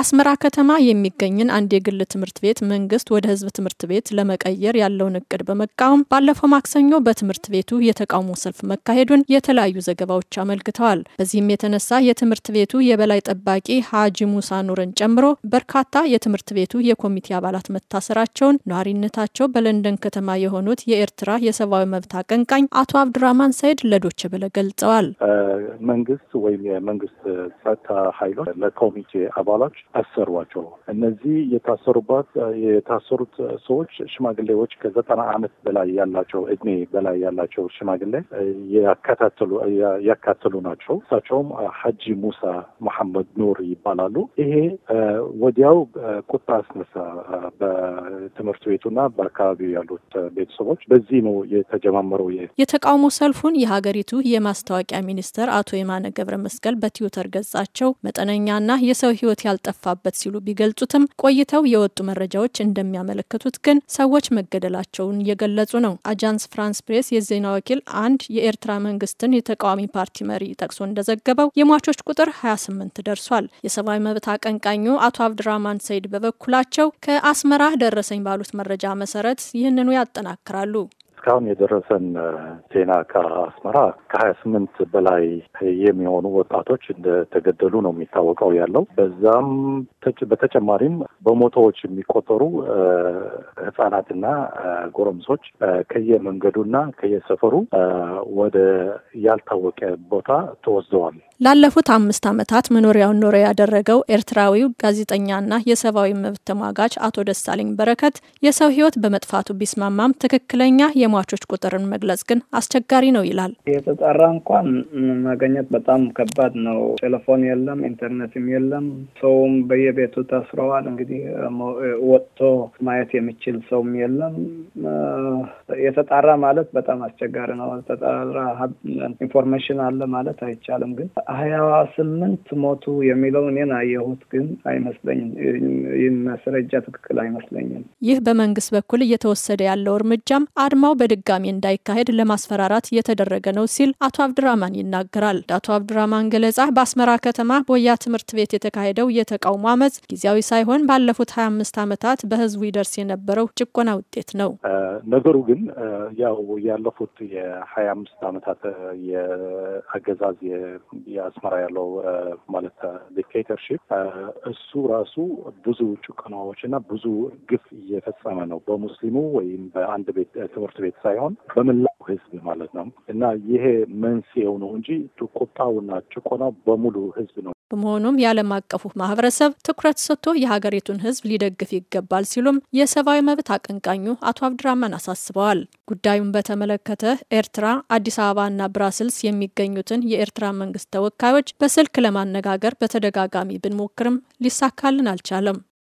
አስመራ ከተማ የሚገኝን አንድ የግል ትምህርት ቤት መንግስት ወደ ህዝብ ትምህርት ቤት ለመቀየር ያለውን እቅድ በመቃወም ባለፈው ማክሰኞ በትምህርት ቤቱ የተቃውሞ ሰልፍ መካሄዱን የተለያዩ ዘገባዎች አመልክተዋል። በዚህም የተነሳ የትምህርት ቤቱ የበላይ ጠባቂ ሀጂ ሙሳ ኑርን ጨምሮ በርካታ የትምህርት ቤቱ የኮሚቴ አባላት መታሰራቸውን ነዋሪነታቸው በለንደን ከተማ የሆኑት የኤርትራ የሰብአዊ መብት አቀንቃኝ አቶ አብዱራማን ሰይድ ለዶች ብለ ገልጸዋል። መንግስት ወይም የመንግስት ጸጥታ ኃይሎች ለኮሚቴ አባላት አሰሯቸው። እነዚህ የታሰሩባት የታሰሩት ሰዎች ሽማግሌዎች ከዘጠና ዓመት በላይ ያላቸው እድሜ በላይ ያላቸው ሽማግሌ ያካታተሉ ያካተሉ ናቸው። እሳቸውም ሀጂ ሙሳ መሐመድ ኑር ይባላሉ። ይሄ ወዲያው ቁጣ አስነሳ በትምህርት ቤቱና በአካባቢው ያሉት ቤተሰቦች። በዚህ ነው የተጀማመረው የተቃውሞ ሰልፉን የሀገሪቱ የማስታወቂያ ሚኒስትር አቶ የማነ ገብረ መስቀል በትዊተር ገጻቸው መጠነኛና የሰው ህይወት ያልጠ ጠፋበት ሲሉ ቢገልጹትም ቆይተው የወጡ መረጃዎች እንደሚያመለክቱት ግን ሰዎች መገደላቸውን እየገለጹ ነው። አጃንስ ፍራንስ ፕሬስ የዜና ወኪል አንድ የኤርትራ መንግስትን የተቃዋሚ ፓርቲ መሪ ጠቅሶ እንደዘገበው የሟቾች ቁጥር 28 ደርሷል። የሰብአዊ መብት አቀንቃኙ አቶ አብድራማን ሰይድ በበኩላቸው ከአስመራ ደረሰኝ ባሉት መረጃ መሰረት ይህንኑ ያጠናክራሉ። እስካሁን የደረሰን ዜና ከአስመራ ከሀያ ስምንት በላይ የሚሆኑ ወጣቶች እንደተገደሉ ነው የሚታወቀው ያለው። በዛም በተጨማሪም በመቶዎች የሚቆጠሩ ህጻናትና ጎረምሶች ከየመንገዱና ከየሰፈሩ ወደ ያልታወቀ ቦታ ተወስደዋል። ላለፉት አምስት ዓመታት መኖሪያውን ኖረ ያደረገው ኤርትራዊው ጋዜጠኛና የሰብአዊ መብት ተሟጋች አቶ ደሳለኝ በረከት የሰው ህይወት በመጥፋቱ ቢስማማም ትክክለኛ የሟቾች ቁጥርን መግለጽ ግን አስቸጋሪ ነው ይላል። የተጠራ እንኳን ማገኘት በጣም ከባድ ነው። ቴሌፎን የለም፣ ኢንተርኔትም የለም። ሰውም በየቤቱ ታስረዋል። እንግዲህ ወጥቶ ማየት የሚችል ሰውም የለም። የተጣራ ማለት በጣም አስቸጋሪ ነው። ተጣራ ኢንፎርሜሽን አለ ማለት አይቻልም። ግን ሀያ ስምንት ሞቱ የሚለው እኔን አየሁት፣ ግን አይመስለኝም። ይህ ማስረጃ ትክክል አይመስለኝም። ይህ በመንግስት በኩል እየተወሰደ ያለው እርምጃም አድማው በድጋሚ እንዳይካሄድ ለማስፈራራት እየተደረገ ነው ሲል አቶ አብድራማን ይናገራል። እንደ አቶ አብድራማን ገለጻ በአስመራ ከተማ ቦያ ትምህርት ቤት የተካሄደው የተቃውሞ አመፅ ጊዜያዊ ሳይሆን ባለፉት 25 ዓመታት በህዝቡ ይደርስ የነበረው ጭቆና ውጤት ነው። ነገሩ ግን ያው ያለፉት የሀያ አምስት አመታት የአገዛዝ የአስመራ ያለው ማለት ዲክቴተርሺፕ እሱ ራሱ ብዙ ጭቆናዎች እና ብዙ ግፍ እየፈጸመ ነው። በሙስሊሙ ወይም በአንድ ቤት ትምህርት ቤት ሳይሆን በምላ ህዝብ ማለት ነው እና ይሄ መንስኤው ነው እንጂ ቁጣውና ጭቆናው በሙሉ ህዝብ ነው። በመሆኑም የዓለም አቀፉ ማህበረሰብ ትኩረት ሰጥቶ የሀገሪቱን ህዝብ ሊደግፍ ይገባል ሲሉም የሰብአዊ መብት አቀንቃኙ አቶ አብድራመን አሳስበዋል። ጉዳዩን በተመለከተ ኤርትራ፣ አዲስ አበባና ብራስልስ የሚገኙትን የኤርትራ መንግስት ተወካዮች በስልክ ለማነጋገር በተደጋጋሚ ብንሞክርም ሊሳካልን አልቻለም።